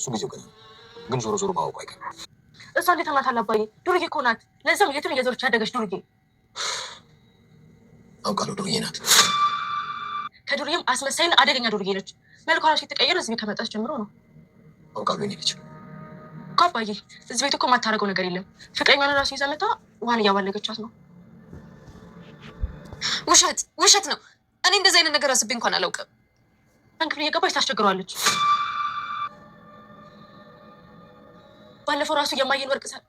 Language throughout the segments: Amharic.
እሱ ጊዜው ገና ግን ዞሮ ዞሮ ማወቁ አይቀርም። እሷ እንዴት ናት? አላባዬ ዱርዬ እኮ ናት። ለዛም የቱን እየዞረች ያደገች ዱርዬ። አውቃለሁ፣ ዱርዬ ናት። ከዱርዬም አስመሳይን አደገኛ ዱርዬ ነች። መልኳ ራሱ የተቀየረ እዚህ ከመጣች ጀምሮ ነው። አውቃለሁ፣ የኔ ልጅ እኮ አባዬ፣ እዚህ ቤት እኮ የማታደርገው ነገር የለም። ፍቅረኛዋን ራሱ ይዛ መታ ውሃን እያባለገቻት ነው። ውሸት ውሸት ነው። እኔ እንደዚህ አይነት ነገር አስቤ እንኳን አላውቅም። አንክፍል እየገባች ታስቸግረዋለች። ባለፈው ራሱ የማየን ወርቅ ሳል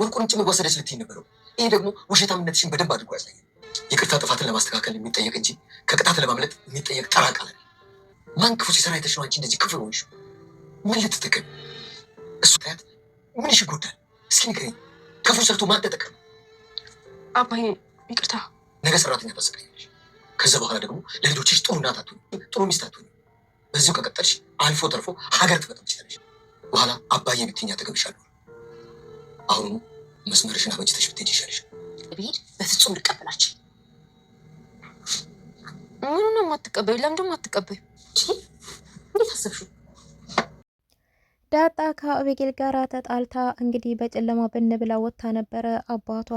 ወርቁን ጭምር ወሰደች ልትይ ነበረው። ይሄ ደግሞ ውሸታምነትሽን በደንብ አድርጎ ያሳያል። ይቅርታ ጥፋትን ለማስተካከል የሚጠየቅ እንጂ ከቅጣት ለማምለጥ የሚጠየቅ ጠራቃለ ማን ክፉ ሲሰራ የተሽኖ አንቺ እንደዚህ ክፉ ሆንሽ? ምን ልትጠቀም እሱ ታያት ምንሽ ይጎዳል? እስኪ ንገረኝ። ክፉ ሰርቶ ማን ተጠቀም? አባዬ ይቅርታ። ነገ ሰራተኛ ታሰቃያለሽ። ከዛ በኋላ ደግሞ ለልጆችሽ ጥሩ እናት አትሆኚ፣ ጥሩ ሚስት አትሆኚ። በዚሁ ከቀጠልሽ አልፎ ተርፎ ሀገር ትመጣም ትችላለች። በኋላ አባዬ ብትኛ ተገብሻለሁ። አሁኑ መስመርሽን አበጅተሽ ብትሄጂ ይሻልሻል። ብሄድ በፍጹም ልቀበላችሁ። ምኑ ነው የማትቀበዩ? ለምንድን ነው የማትቀበዩ? እንዴት አሰብሽው? ዳጣ ከአቤጌል ጋር ተጣልታ እንግዲህ በጨለማ ብን ብላ ወጥታ ነበረ። አባቷ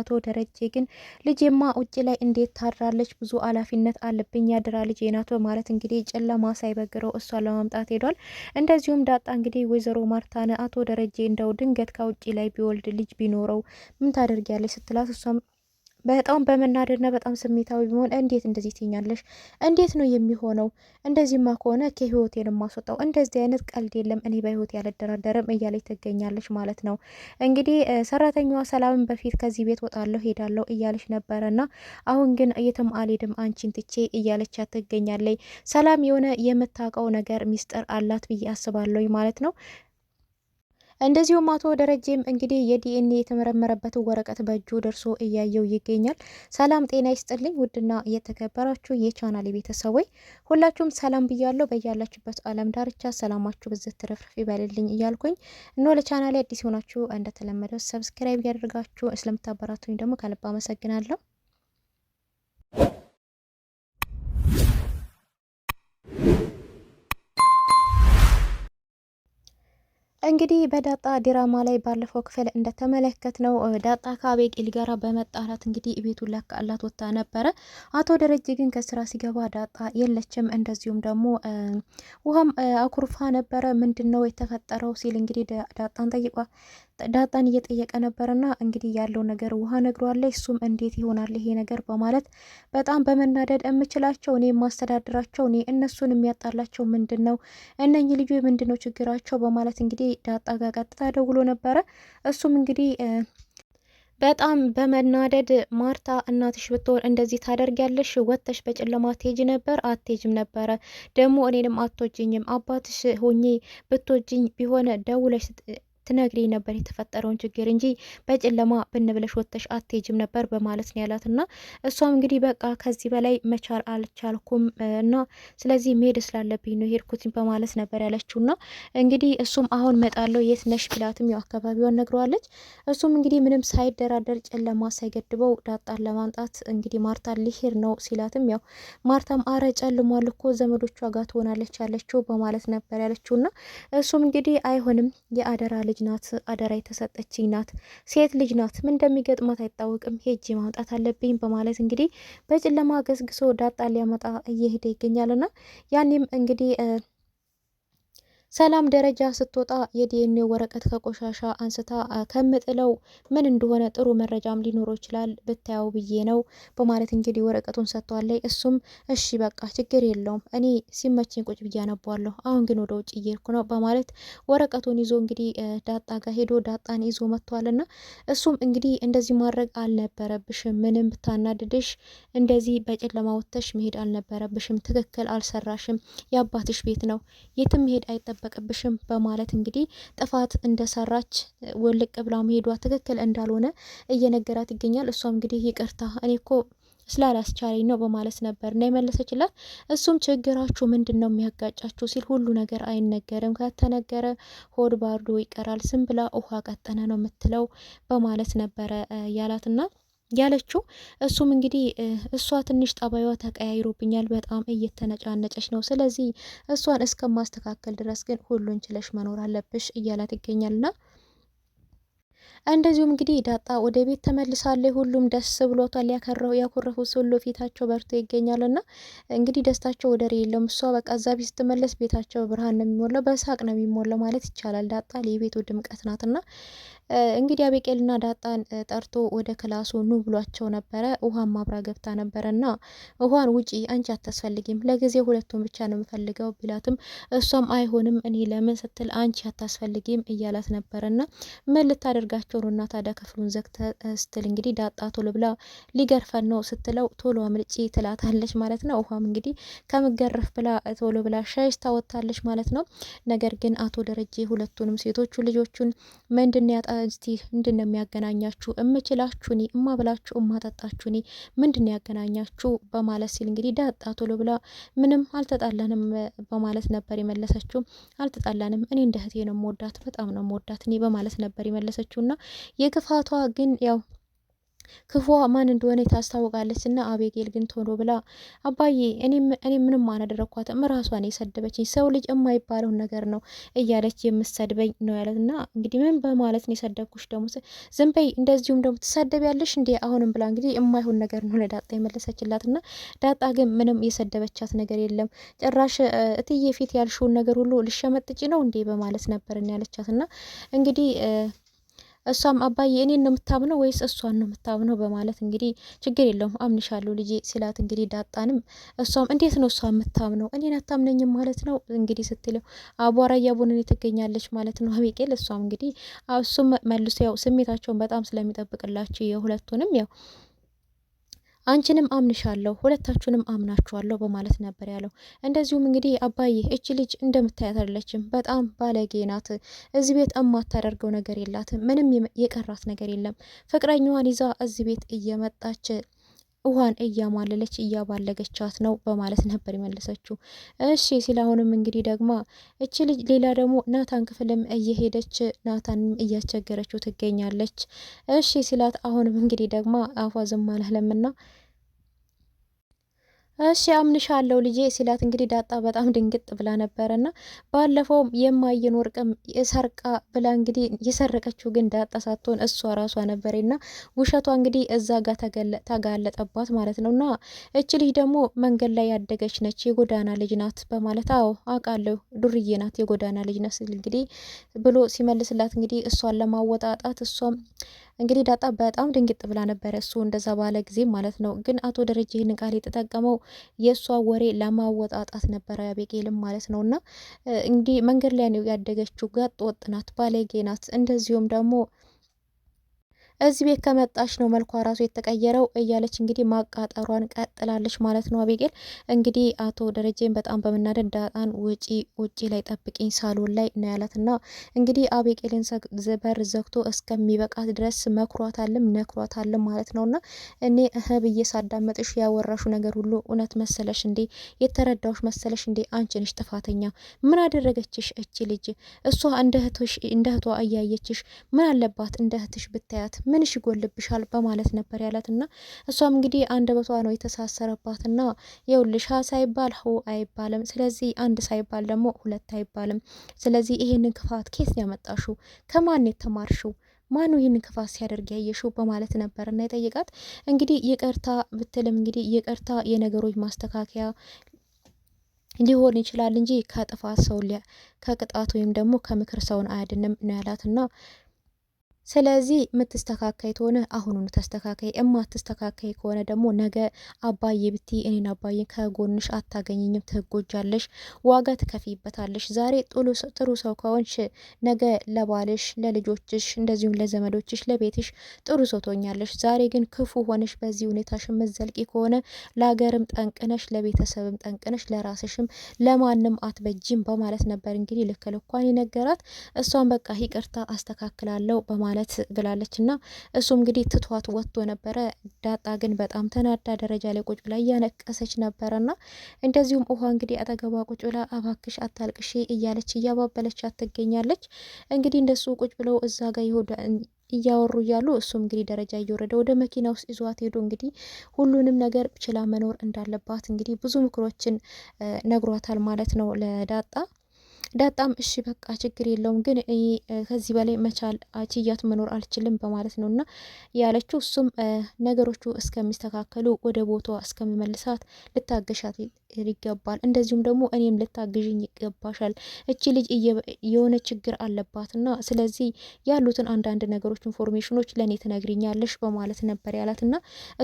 አቶ ደረጀ ግን ልጄማ ውጭ ላይ እንዴት ታድራለች? ብዙ ኃላፊነት አለብኝ ያድራ ልጄ ናት በማለት እንግዲህ ጨለማ ሳይበግረው እሷን ለማምጣት ሄዷል። እንደዚሁም ዳጣ እንግዲህ ወይዘሮ ማርታን አቶ ደረጀ እንደው ድንገት ከውጭ ላይ ቢወልድ ልጅ ቢኖረው ምን ታደርጊያለች ስትላት እሷም በጣም በመናደድና በጣም ስሜታዊ ቢሆን እንዴት እንደዚህ ትኛለሽ? እንዴት ነው የሚሆነው? እንደዚህማ ከሆነ ከህይወቴን ማስወጣው። እንደዚህ አይነት ቀልድ የለም፣ እኔ በህይወት ያልደራደርም እያለች ትገኛለች ማለት ነው። እንግዲህ ሰራተኛዋ ሰላምን በፊት ከዚህ ቤት ወጣለሁ ሄዳለሁ እያለች ነበረና አሁን ግን የትም አልሄድም አንቺን ትቼ እያለች ትገኛለች። ሰላም የሆነ የምታውቀው ነገር ሚስጥር አላት ብዬ አስባለሁ ማለት ነው። እንደዚሁም አቶ ደረጀም እንግዲህ የዲኤንኤ የተመረመረበት ወረቀት በእጁ ደርሶ እያየው ይገኛል። ሰላም ጤና ይስጥልኝ ውድና የተከበራችሁ የቻናል ቤተሰቦች ሁላችሁም ሰላም ብያለሁ። በያላችሁበት አለም ዳርቻ ሰላማችሁ ብዝት ትረፍርፍ ይበልልኝ እያልኩኝ እኖ ለቻናሌ አዲስ የሆናችሁ እንደተለመደው ሰብስክራይብ ያደርጋችሁ ስለምታበራቱኝ ደግሞ ከልብ አመሰግናለሁ። እንግዲህ በዳጣ ዲራማ ላይ ባለፈው ክፍል እንደተመለከት ነው ዳጣ ከአቤቄል ጋር በመጣላት እንግዲህ ቤቱን ለቃላት ወጥታ ነበረ። አቶ ደረጀ ግን ከስራ ሲገባ ዳጣ የለችም። እንደዚሁም ደግሞ ውሃም አኩርፋ ነበረ። ምንድን ነው የተፈጠረው ሲል እንግዲህ ዳጣን ጠይቋል። ዳጣን እየጠየቀ ነበርና እንግዲህ ያለው ነገር ውሃ ነግሯለች። እሱም እንዴት ይሆናል ይሄ ነገር በማለት በጣም በመናደድ የምችላቸው እኔ የማስተዳድራቸው እኔ እነሱን የሚያጣላቸው ምንድን ነው እነኝ ልዩ ምንድን ነው ችግራቸው በማለት እንግዲህ ዳጣ ጋር ቀጥታ ደውሎ ነበረ። እሱም እንግዲህ በጣም በመናደድ ማርታ እናትሽ ብትሆን እንደዚህ ታደርጊያለሽ? ወጥተሽ በጨለማ ትሄጂ ነበር አትሄጂም ነበረ። ደግሞ እኔንም አትወጂኝም። አባትሽ ሆኜ ብትወጂኝ ቢሆን ደውለሽ ትነግሪ ነበር የተፈጠረውን ችግር እንጂ በጨለማ ብንብለሽ ወጥተሽ አትጅም ነበር በማለት ነው ያላት። እና እሷም እንግዲህ በቃ ከዚህ በላይ መቻል አልቻልኩም እና ስለዚህ መሄድ ስላለብኝ ነው ሄድኩትኝ በማለት ነበር ያለችው። ና እንግዲህ እሱም አሁን መጣለው የት ነሽ ቢላትም ያው አካባቢዋን ነግረዋለች። እሱም እንግዲህ ምንም ሳይደራደር ጨለማ ሳይገድበው ዳጣን ለማምጣት እንግዲህ ማርታ ሊሄድ ነው ሲላትም ያው ማርታም አረ ጨልሟል እኮ ዘመዶቿ ጋር ትሆናለች ያለችው በማለት ነበር ያለችው። ና እሱም እንግዲህ አይሆንም የአደራ ልጅ ልጅ ናት፣ አደራ የተሰጠችኝ ናት፣ ሴት ልጅ ናት፣ ምን እንደሚገጥማት አይታወቅም፣ ሄጄ ማምጣት አለብኝ በማለት እንግዲህ በጨለማ ገስግሶ ዳጣ ሊያመጣ እየሄደ ይገኛልና ያኔም እንግዲህ ሰላም ደረጃ ስትወጣ የዲኤንኤ ወረቀት ከቆሻሻ አንስታ ከምጥለው ምን እንደሆነ ጥሩ መረጃም ሊኖረው ይችላል ብታየው ብዬ ነው በማለት እንግዲህ ወረቀቱን ሰጥቷለይ። እሱም እሺ በቃ ችግር የለውም እኔ ሲመቸኝ ቁጭ ብዬ አነቧለሁ፣ አሁን ግን ወደ ውጭ እየሄድኩ ነው በማለት ወረቀቱን ይዞ እንግዲህ ዳጣ ጋር ሄዶ ዳጣን ይዞ መጥቷልና እሱም እንግዲህ እንደዚህ ማድረግ አልነበረብሽም፣ ምንም ብታናድድሽ እንደዚህ በጨለማ ወጥተሽ መሄድ አልነበረብሽም፣ ትክክል አልሰራሽም፣ የአባትሽ ቤት ነው የትም መሄድ አይጠ አይጠበቅብሽም በማለት እንግዲህ ጥፋት እንደሰራች ውልቅ ብላ መሄዷ ትክክል እንዳልሆነ እየነገራት ይገኛል። እሷም እንግዲህ ይቅርታ እኔ እኮ ስላላስቻለኝ ነው በማለት ነበር እና የመለሰችላት። እሱም ችግራችሁ ምንድን ነው የሚያጋጫችሁ ሲል ሁሉ ነገር አይነገርም፣ ከተነገረ ሆድ ባርዶ ይቀራል፣ ዝም ብላ ውሃ ቀጠነ ነው የምትለው በማለት ነበረ ያላትና ያለችው። እሱም እንግዲህ እሷ ትንሽ ጠባይዋ ተቀያይሮብኛል፣ በጣም እየተነጫነጨች ነው። ስለዚህ እሷን እስከማስተካከል ድረስ ግን ሁሉን ችለሽ መኖር አለብሽ እያላት ይገኛልና እንደዚሁም እንግዲህ ዳጣ ወደ ቤት ተመልሳለች። ሁሉም ደስ ብሎታል። ያከረው ያኮረፉት ሁሉ ፊታቸው በርቶ ይገኛልና እንግዲህ ደስታቸው ወደር የለውም። እሷ በቃ እዛ ቤት ስትመለስ ቤታቸው ብርሃን ነው የሚሞላው፣ በሳቅ ነው የሚሞላው ማለት ይቻላል። ዳጣ የቤቱ ድምቀት ናትና እንግዲህ አቤቄልና ዳጣን ጠርቶ ወደ ክላሱ ኑ ብሏቸው ነበረ። ውሃን ማብራ ገብታ ነበረና ውሃን ውጪ፣ አንቺ አታስፈልጊም፣ ለጊዜ ሁለቱን ብቻ ነው የምፈልገው ቢላትም እሷም አይሆንም እኔ ለምን ስትል አንቺ አታስፈልጊም እያላት ነበረና ምን ልታደርጋቸው ነው እና ታዲያ ክፍሉን ዘግተ ስትል እንግዲህ ዳጣ ቶሎ ብላ ሊገርፈን ነው ስትለው ቶሎ አምልጪ ትላታለች ማለት ነው። ውሃም እንግዲህ ከምገረፍ ብላ ቶሎ ብላ ሻሽ ታወታለች ማለት ነው። ነገር ግን አቶ ደረጀ ሁለቱንም ሴቶቹ ልጆቹን ምንድን ያጣ እስቲ ምንድን ነው የሚያገናኛችሁ? እምችላችሁ እኔ እማብላችሁ እማጠጣችሁ እኔ ምንድን ነው ያገናኛችሁ? በማለት ሲል እንግዲህ ዳጣ ቶሎ ብላ ምንም አልተጣላንም በማለት ነበር የመለሰችው። አልተጣላንም፣ እኔ እንደ እህቴ ነው መወዳት፣ በጣም ነው መወዳት እኔ በማለት ነበር የመለሰችው እና የክፋቷ ግን ያው ክፉዋ ማን እንደሆነ ታስታውቃለች። እና አቤጌል ግን ቶሎ ብላ አባዬ እኔ ምንም አላደረኳትም ራሷን የሰደበችኝ ሰው ልጅ የማይባለውን ነገር ነው እያለች የምሰድበኝ ነው ያለት እና እንግዲህ ምን በማለት ነው የሰደብኩሽ ደግሞ ዝም በይ እንደዚሁም ደግሞ ያለሽ እንዲ አሁንም ብላ እንግዲህ የማይሆን ነገር ነው ለዳጣ የመለሰችላት እና ዳጣ ግን ምንም የሰደበቻት ነገር የለም ጭራሽ እትዬ ፊት ያልሽውን ነገር ሁሉ ልሸመጥጭ ነው እንዴ በማለት ነበር ያለቻት እና እንግዲህ እሷም አባዬ እኔን ነው የምታምነው ወይስ እሷን ነው የምታምነው በማለት እንግዲህ ችግር የለውም አምንሻለሁ ልጄ ሲላት እንግዲህ ዳጣንም እሷም እንዴት ነው እሷ የምታምነው እኔን አታምነኝም ማለት ነው እንግዲህ ስትለው አቧራ እያቡንን ትገኛለች ማለት ነው አቤቄል እሷም እንግዲህ እሱም መልሶ ያው ስሜታቸውን በጣም ስለሚጠብቅላቸው የሁለቱንም ያው አንቺንም አምንሻለሁ፣ ሁለታችሁንም አምናችኋለሁ በማለት ነበር ያለው። እንደዚሁም እንግዲህ አባዬ እች ልጅ እንደምታያት አይደለችም፣ በጣም ባለጌ ናት። እዚህ ቤት እማታደርገው ነገር የላትም፣ ምንም የቀራት ነገር የለም። ፍቅረኛዋን ይዛ እዚህ ቤት እየመጣች ውሃን እያማለለች እያባለገቻት ነው በማለት ነበር የመለሰችው። እሺ ሲል አሁንም እንግዲህ ደግሞ እች ልጅ ሌላ ደግሞ ናታን ክፍልም እየሄደች ናታንም እያስቸገረችው ትገኛለች። እሺ ሲላት አሁንም እንግዲህ ደግሞ አፏ ዝም አላለምና እሺ አምንሻለሁ ልጄ ሲላት እንግዲህ ዳጣ በጣም ድንግጥ ብላ ነበረ እና ባለፈው የማየን ወርቅም የሰርቃ ብላ እንግዲህ የሰረቀችው ግን ዳጣ ሳትሆን እሷ ራሷ ነበር እና ውሸቷ እንግዲህ እዛ ጋር ተጋለጠባት ማለት ነው። እና እች ልጅ ደግሞ መንገድ ላይ ያደገች ነች፣ የጎዳና ልጅ ናት በማለት አዎ አውቃለሁ ዱርዬ ናት የጎዳና ልጅ ናት እንግዲህ ብሎ ሲመልስላት እንግዲህ እሷን ለማወጣጣት እሷም እንግዲህ ዳጣ በጣም ድንግጥ ብላ ነበረ እሱ እንደዛ ባለ ጊዜ ማለት ነው። ግን አቶ ደረጀ ይህን ቃል የተጠቀመው የእሷ ወሬ ለማወጣጣት ነበረ ያቤቄልም ማለት ነው። እና እንግዲህ መንገድ ላይ ነው ያደገችው፣ ጋጥ ወጥ ናት፣ ባለጌ ናት፣ እንደዚሁም ደግሞ እዚህ ቤት ከመጣች ነው መልኳ ራሱ የተቀየረው እያለች እንግዲህ ማቃጠሯን ቀጥላለች ማለት ነው አቤጌል። እንግዲህ አቶ ደረጀን በጣም በመናደድ ዳጣን ውጪ ውጪ ላይ ጠብቅኝ ሳሎን ላይ ነው ያላትና እንግዲህ አቤጌልን በር ዘግቶ እስከሚበቃት ድረስ መክሯታልም ነክሯታልም ማለት ነውና እኔ እህ ብዬ ሳዳመጥሽ ያወራሹ ነገር ሁሉ እውነት መሰለሽ እንዴ? የተረዳውሽ መሰለሽ እንዴ? አንቺ ነሽ ጥፋተኛ። ምን አደረገችሽ እቺ ልጅ? እሷ እንደ እህቷ እያየችሽ ምን አለባት እንደ እህትሽ ብታያት ምንሽ ይጎልብሻል በማለት ነበር ያላት እና እሷም እንግዲህ አንድ በቷ ነው የተሳሰረባትና የው ሀ ሳይባል ሁ አይባልም። ስለዚህ አንድ ሳይባል ደግሞ ሁለት አይባልም። ስለዚህ ይህንን ክፋት ኬት ያመጣሹ? ከማን የተማርሹ? ማኑ ይህንን ክፋት ሲያደርግ ያየሹ በማለት ነበር እና የጠየቃት እንግዲህ ይቅርታ ብትልም እንግዲህ ይቅርታ የነገሮች ማስተካከያ ሊሆን ይችላል እንጂ ከጥፋት ሰው ከቅጣት ወይም ደግሞ ከምክር ሰውን አያድንም ነው ያላት እና ስለዚህ የምትስተካከይ ከሆነ አሁኑኑ ተስተካከይ፣ እማትስተካከይ ከሆነ ደግሞ ነገ አባዬ ብቲ እኔን አባዬ ከጎንሽ አታገኝኝም፣ ትጎጃለሽ፣ ዋጋ ትከፊበታለሽ። ዛሬ ጥሩ ሰው ከሆንሽ ነገ ለባልሽ፣ ለልጆችሽ፣ እንደዚሁም ለዘመዶችሽ፣ ለቤትሽ ጥሩ ሰው ትሆኛለሽ። ዛሬ ግን ክፉ ሆነሽ በዚህ ሁኔታሽ የምትዘልቂ ከሆነ ለሀገርም ጠንቅነሽ፣ ለቤተሰብም ጠንቅነሽ፣ ለራስሽም ለማንም አትበጂም በማለት ነበር እንግዲህ ልክ ልኳን የነገራት። እሷን በቃ ይቅርታ አስተካክላለሁ በማለት በማለት ብላለች። እና እሱ እንግዲህ ትቷት ወጥቶ ነበረ። ዳጣ ግን በጣም ተናዳ ደረጃ ላይ ቁጭ ብላ እያነቀሰች ነበረ። እና እንደዚሁም ውሃ እንግዲህ አጠገቧ ቁጭ ብላ አባክሽ አታልቅሺ እያለች እያባበለች ትገኛለች። እንግዲህ እንደሱ ቁጭ ብለው እዛ ጋር እያወሩ እያሉ እሱም እንግዲህ ደረጃ እየወረደ ወደ መኪና ውስጥ ይዟት ሄዶ እንግዲህ ሁሉንም ነገር ችላ መኖር እንዳለባት እንግዲህ ብዙ ምክሮችን ነግሯታል ማለት ነው ለዳጣ። ዳጣም እሺ በቃ ችግር የለውም ግን ከዚህ በላይ መቻል ችያት መኖር አልችልም በማለት ነው እና ያለችው። እሱም ነገሮቹ እስከሚስተካከሉ ወደ ቦታዋ እስከሚመልሳት ልታገሻት ይገባል፣ እንደዚሁም ደግሞ እኔም ልታግዥኝ ይገባሻል። እቺ ልጅ የሆነ ችግር አለባት እና ስለዚህ ያሉትን አንዳንድ ነገሮች ኢንፎርሜሽኖች ለእኔ ትነግሪኛለሽ በማለት ነበር ያላት እና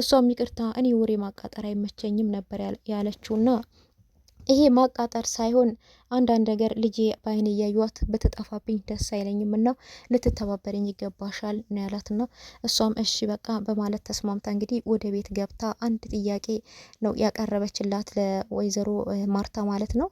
እሷም ይቅርታ እኔ ወሬ ማቃጠር አይመቸኝም ነበር ያለችውና ይሄ ማቃጠር ሳይሆን አንዳንድ ነገር ልጄ በአይን እያዩት በተጠፋብኝ ደስ አይለኝም እና ልትተባበረኝ ይገባሻል ነው ያላት። እና እሷም እሺ በቃ በማለት ተስማምታ እንግዲህ ወደ ቤት ገብታ አንድ ጥያቄ ነው ያቀረበችላት ለወይዘሮ ማርታ ማለት ነው።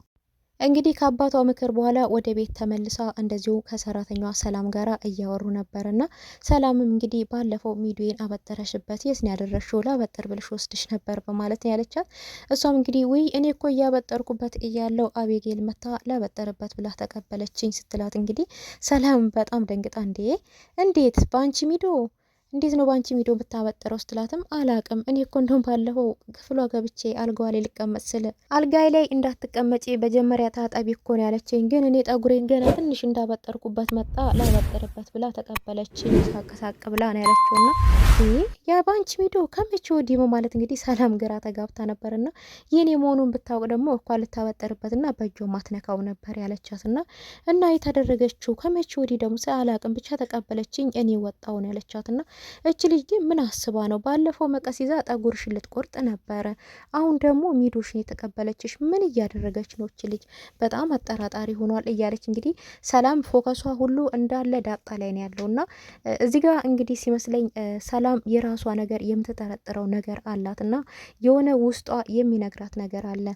እንግዲህ ከአባቷ ምክር በኋላ ወደ ቤት ተመልሳ እንደዚሁ ከሰራተኛዋ ሰላም ጋር እያወሩ ነበር እና ሰላምም እንግዲህ ባለፈው ሚዲዌን አበጠረሽበት የስን ያደረሽ ያደረግሽው? ላበጠር ብልሽ ወስድሽ ነበር በማለት ነው ያለቻት። እሷም እንግዲህ ውይ እኔ እኮ እያበጠርኩበት እያለው አቤጌል መታ ላበጠርበት ብላ ተቀበለችኝ ስትላት እንግዲህ ሰላም በጣም ደንግጣ እንዴ እንዴት በአንቺ ሚዶ እንዴት ነው በአንቺ ሚዶ የምታበጠረው ስትላትም አላቅም። እኔ እኮ እንደውም ባለፈው ክፍሏ ገብቼ አልጋዋ ላይ ልቀመጥ ስል አልጋይ ላይ እንዳትቀመጪ በጀመሪያ ታጣቢ እኮ ነው ያለችኝ፣ ግን እኔ ጠጉሬን ገና ትንሽ እንዳበጠርኩበት መጣ ላበጠርበት ብላ ተቀበለችኝ። ሳቅሳቅ ብላ ነው ያለችውና ያ በአንቺ ሚዶ ከመቼ ወዲህ ማለት እንግዲህ ሰላም ግራ ተጋብታ ና የኔ መሆኑን ብታውቅ ደግሞ እኳ ና በእጆ ማትነካው ነበር ያለቻትና እና የተደረገችው ከመቼ ወዲህ ደግሞ አላቅም ብቻ ተቀበለችኝ እኔ ወጣው ነው ያለቻትና እች ልጅ ግን ምን አስባ ነው? ባለፈው መቀስ ይዛ ጠጉርሽን ልትቆርጥ ነበረ። አሁን ደግሞ ሚዶሽን የተቀበለችሽ ምን እያደረገች ነው? እች ልጅ በጣም አጠራጣሪ ሆኗል እያለች እንግዲህ ሰላም ፎከሷ ሁሉ እንዳለ ዳጣ ላይ ነው ያለው እና እዚህ ጋር እንግዲህ ሲመስለኝ ሰላም የራሷ ነገር የምትጠረጥረው ነገር አላት እና የሆነ ውስጧ የሚነግራት ነገር አለ።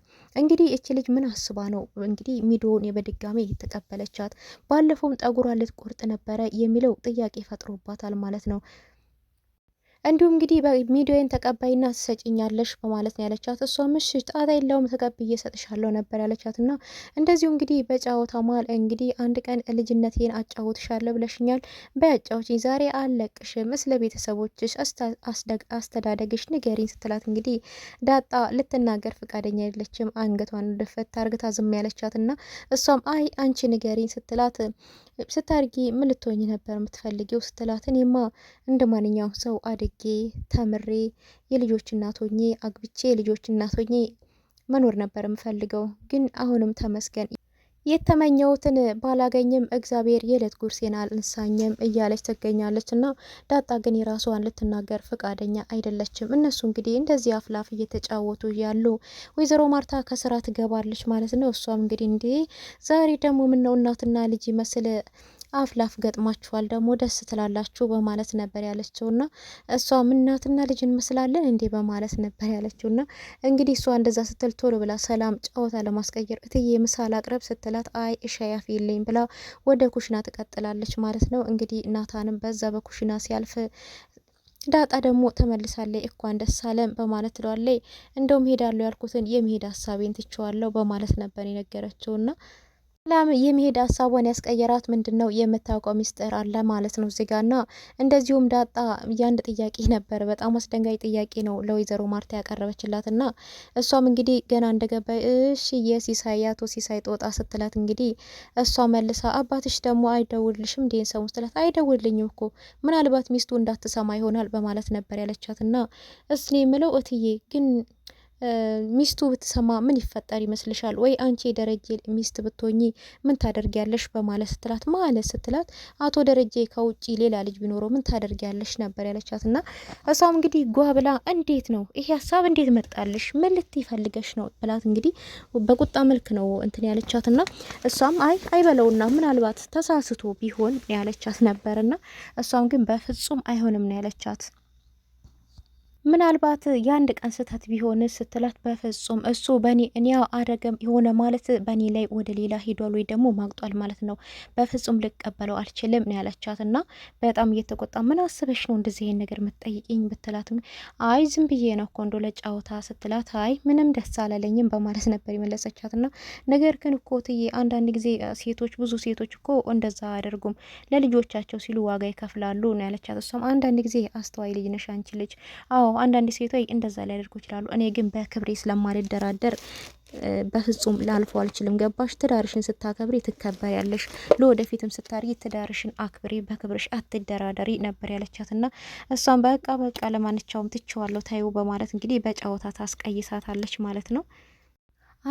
እንግዲህ እች ልጅ ምን አስባ ነው እንግዲህ ሚዶን በድጋሚ የተቀበለቻት? ባለፈውም ጠጉሯ ልትቆርጥ ነበረ የሚለው ጥያቄ ፈጥሮባታል ማለት ነው። እንዲሁም እንግዲህ ሚዲዮን ተቀባይና ትሰጭኛለሽ በማለት ነው ያለቻት። እሷ ምሽ ጣጣ የለውም ተቀብዬ እሰጥሻለሁ ነበር ያለቻት እና እንደዚሁ እንግዲህ በጫወታ ማል እንግዲህ አንድ ቀን ልጅነቴን አጫውትሻለሁ ብለሽኛል፣ በያጫውችኝ ዛሬ አልለቅሽም፣ ስለ ቤተሰቦችሽ አስተዳደግሽ ንገሪን ስትላት እንግዲህ ዳጣ ልትናገር ፈቃደኛ አይደለችም። አንገቷን ደፈት ታርግታ ዝም ያለቻት እና እሷም አይ አንቺ ንገሪን ስትላት ስታርጊ ምን ልትሆኝ ነበር የምትፈልጊው ስትላት እኔማ እንደ ማንኛውም ሰው አደ አድጌ ተምሬ የልጆች እናት ሆኜ አግብቼ የልጆች እናት ሆኜ መኖር ነበር የምፈልገው። ግን አሁንም ተመስገን የተመኘውትን ባላገኝም እግዚአብሔር የዕለት ጉርሴን አልንሳኝም እያለች ትገኛለች። እና ዳጣ ግን የራሷን ልትናገር ፈቃደኛ አይደለችም። እነሱ እንግዲህ እንደዚህ አፍላፍ እየተጫወቱ ያሉ ወይዘሮ ማርታ ከስራ ትገባለች ማለት ነው። እሷም እንግዲህ እንዲህ ዛሬ ደግሞ ምነው እናትና ልጅ መስል አፍ ላፍ ገጥማችኋል ደግሞ ደስ ትላላችሁ በማለት ነበር ና እሷም እናትና ልጅ እንመስላለን እንዴ በማለት ነበር ያለችውና እንግዲህ እሷ እንደዛ ስትል ቶሎ ብላ ሰላም ጨዋታ ለማስቀየር እትዬ ምሳ ላቅርብ ስትላት አይ እሻያፍ የለኝ ብላ ወደ ኩሽና ትቀጥላለች ማለት ነው። እንግዲህ እናታንም በዛ በኩሽና ሲያልፍ ዳጣ ደግሞ ተመልሳለች። እንኳን ደስ አለን በማለት ትለዋለች። እንደውም ሄዳለሁ ያልኩትን የመሄድ ሀሳቤን ትቼዋለሁ በማለት ነበር የነገረችውና ላም የመሄድ ሀሳቧን ያስቀየራት ምንድን ነው የምታውቀው ሚስጥር አለ ማለት ነው እዚህ ና እንደዚሁም ዳጣ ያንድ ጥያቄ ነበር፣ በጣም አስደንጋጭ ጥያቄ ነው ለወይዘሮ ማርታ ያቀረበችላት ና እሷም እንግዲህ ገና እንደገባ እሺ የሲሳይ አቶ ሲሳይ ጦጣ ስትላት እንግዲህ እሷ መልሳ አባትሽ ደግሞ አይደውልሽም ዴን ሰሙ ስትላት አይደውልልኝም እኮ ምናልባት ሚስቱ እንዳትሰማ ይሆናል በማለት ነበር ያለቻት ና እስኔ የምለው እትዬ ግን ሚስቱ ብትሰማ ምን ይፈጠር ይመስልሻል? ወይ አንቺ የደረጀ ሚስት ብትሆኚ ምን ታደርጊያለሽ? በማለት ስትላት ማለት ስትላት አቶ ደረጀ ከውጭ ሌላ ልጅ ቢኖረው ምን ታደርጊያለሽ ነበር ያለቻት እና እሷም እንግዲህ ጓ ብላ እንዴት ነው ይሄ ሀሳብ እንዴት መጣልሽ? ምን ልትፈልገሽ ነው? ብላት እንግዲህ በቁጣ መልክ ነው እንትን ያለቻት እና እሷም አይ አይበለውና ምናልባት ተሳስቶ ቢሆን ያለቻት ነበር እና እሷም ግን በፍጹም አይሆንም ነው ያለቻት። ምናልባት የአንድ ቀን ስህተት ቢሆን ስትላት፣ በፍጹም እሱ በኔ እኔ አረገም የሆነ ማለት በእኔ ላይ ወደ ሌላ ሄዷል ወይ ደግሞ ማግጧል ማለት ነው፣ በፍጹም ልቀበለው አልችልም ነው ያለቻት። እና በጣም እየተቆጣ ምን አስበሽ ነው እንደዚህ ይሄን ነገር የምትጠይቅኝ ብትላት፣ አይ ዝም ብዬ ነው እኮ እንዶ ለጫወታ ስትላት፣ አይ ምንም ደስ አላለኝም በማለት ነበር የመለሰቻት። እና ነገር ግን እኮ ትዬ አንዳንድ ጊዜ ሴቶች ብዙ ሴቶች እኮ እንደዛ አያደርጉም ለልጆቻቸው ሲሉ ዋጋ ይከፍላሉ ነው ያለቻት። እሷም አንዳንድ ጊዜ አስተዋይ ልጅ ነሽ አንቺ ልጅ አዎ አንዳንድ ሴቶች እንደዛ ሊያደርጉ ይችላሉ። እኔ ግን በክብሬ ስለማልደራደር በፍጹም ላልፈው አልችልም። ገባሽ? ትዳርሽን ስታከብሪ ትከበር ያለሽ ለወደፊትም ስታርጊ ትዳርሽን አክብሪ፣ በክብርሽ አትደራደሪ ነበር ያለቻት እና እሷን በቃ በቃ ለማንኛውም ትችዋለሁ ታዩ በማለት እንግዲህ በጨዋታ ታስቀይሳታለች ማለት ነው።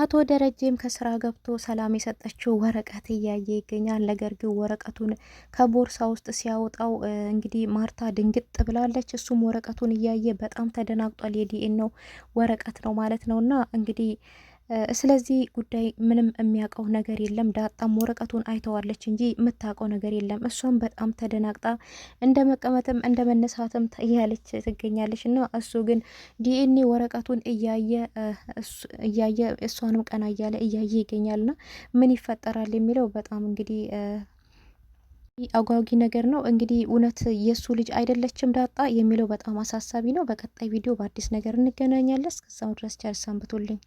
አቶ ደረጀም ከስራ ገብቶ ሰላም የሰጠችው ወረቀት እያየ ይገኛል። ነገር ግን ወረቀቱን ከቦርሳ ውስጥ ሲያወጣው እንግዲህ ማርታ ድንግጥ ብላለች። እሱም ወረቀቱን እያየ በጣም ተደናግጧል። የዲኤን ነው ወረቀት ነው ማለት ነው እና እንግዲህ ስለዚህ ጉዳይ ምንም የሚያውቀው ነገር የለም። ዳጣም ወረቀቱን አይተዋለች እንጂ የምታውቀው ነገር የለም። እሷም በጣም ተደናግጣ እንደ መቀመጥም እንደ መነሳትም እያለች ትገኛለች። እና እሱ ግን ዲኤንኤ ወረቀቱን እያየ እያየ እሷንም ቀና እያለ እያየ ይገኛል እና ምን ይፈጠራል የሚለው በጣም እንግዲህ አጓጊ ነገር ነው። እንግዲህ እውነት የእሱ ልጅ አይደለችም ዳጣ የሚለው በጣም አሳሳቢ ነው። በቀጣይ ቪዲዮ በአዲስ ነገር እንገናኛለን። እስከዛው ድረስ ቸር ሰንብቱልኝ።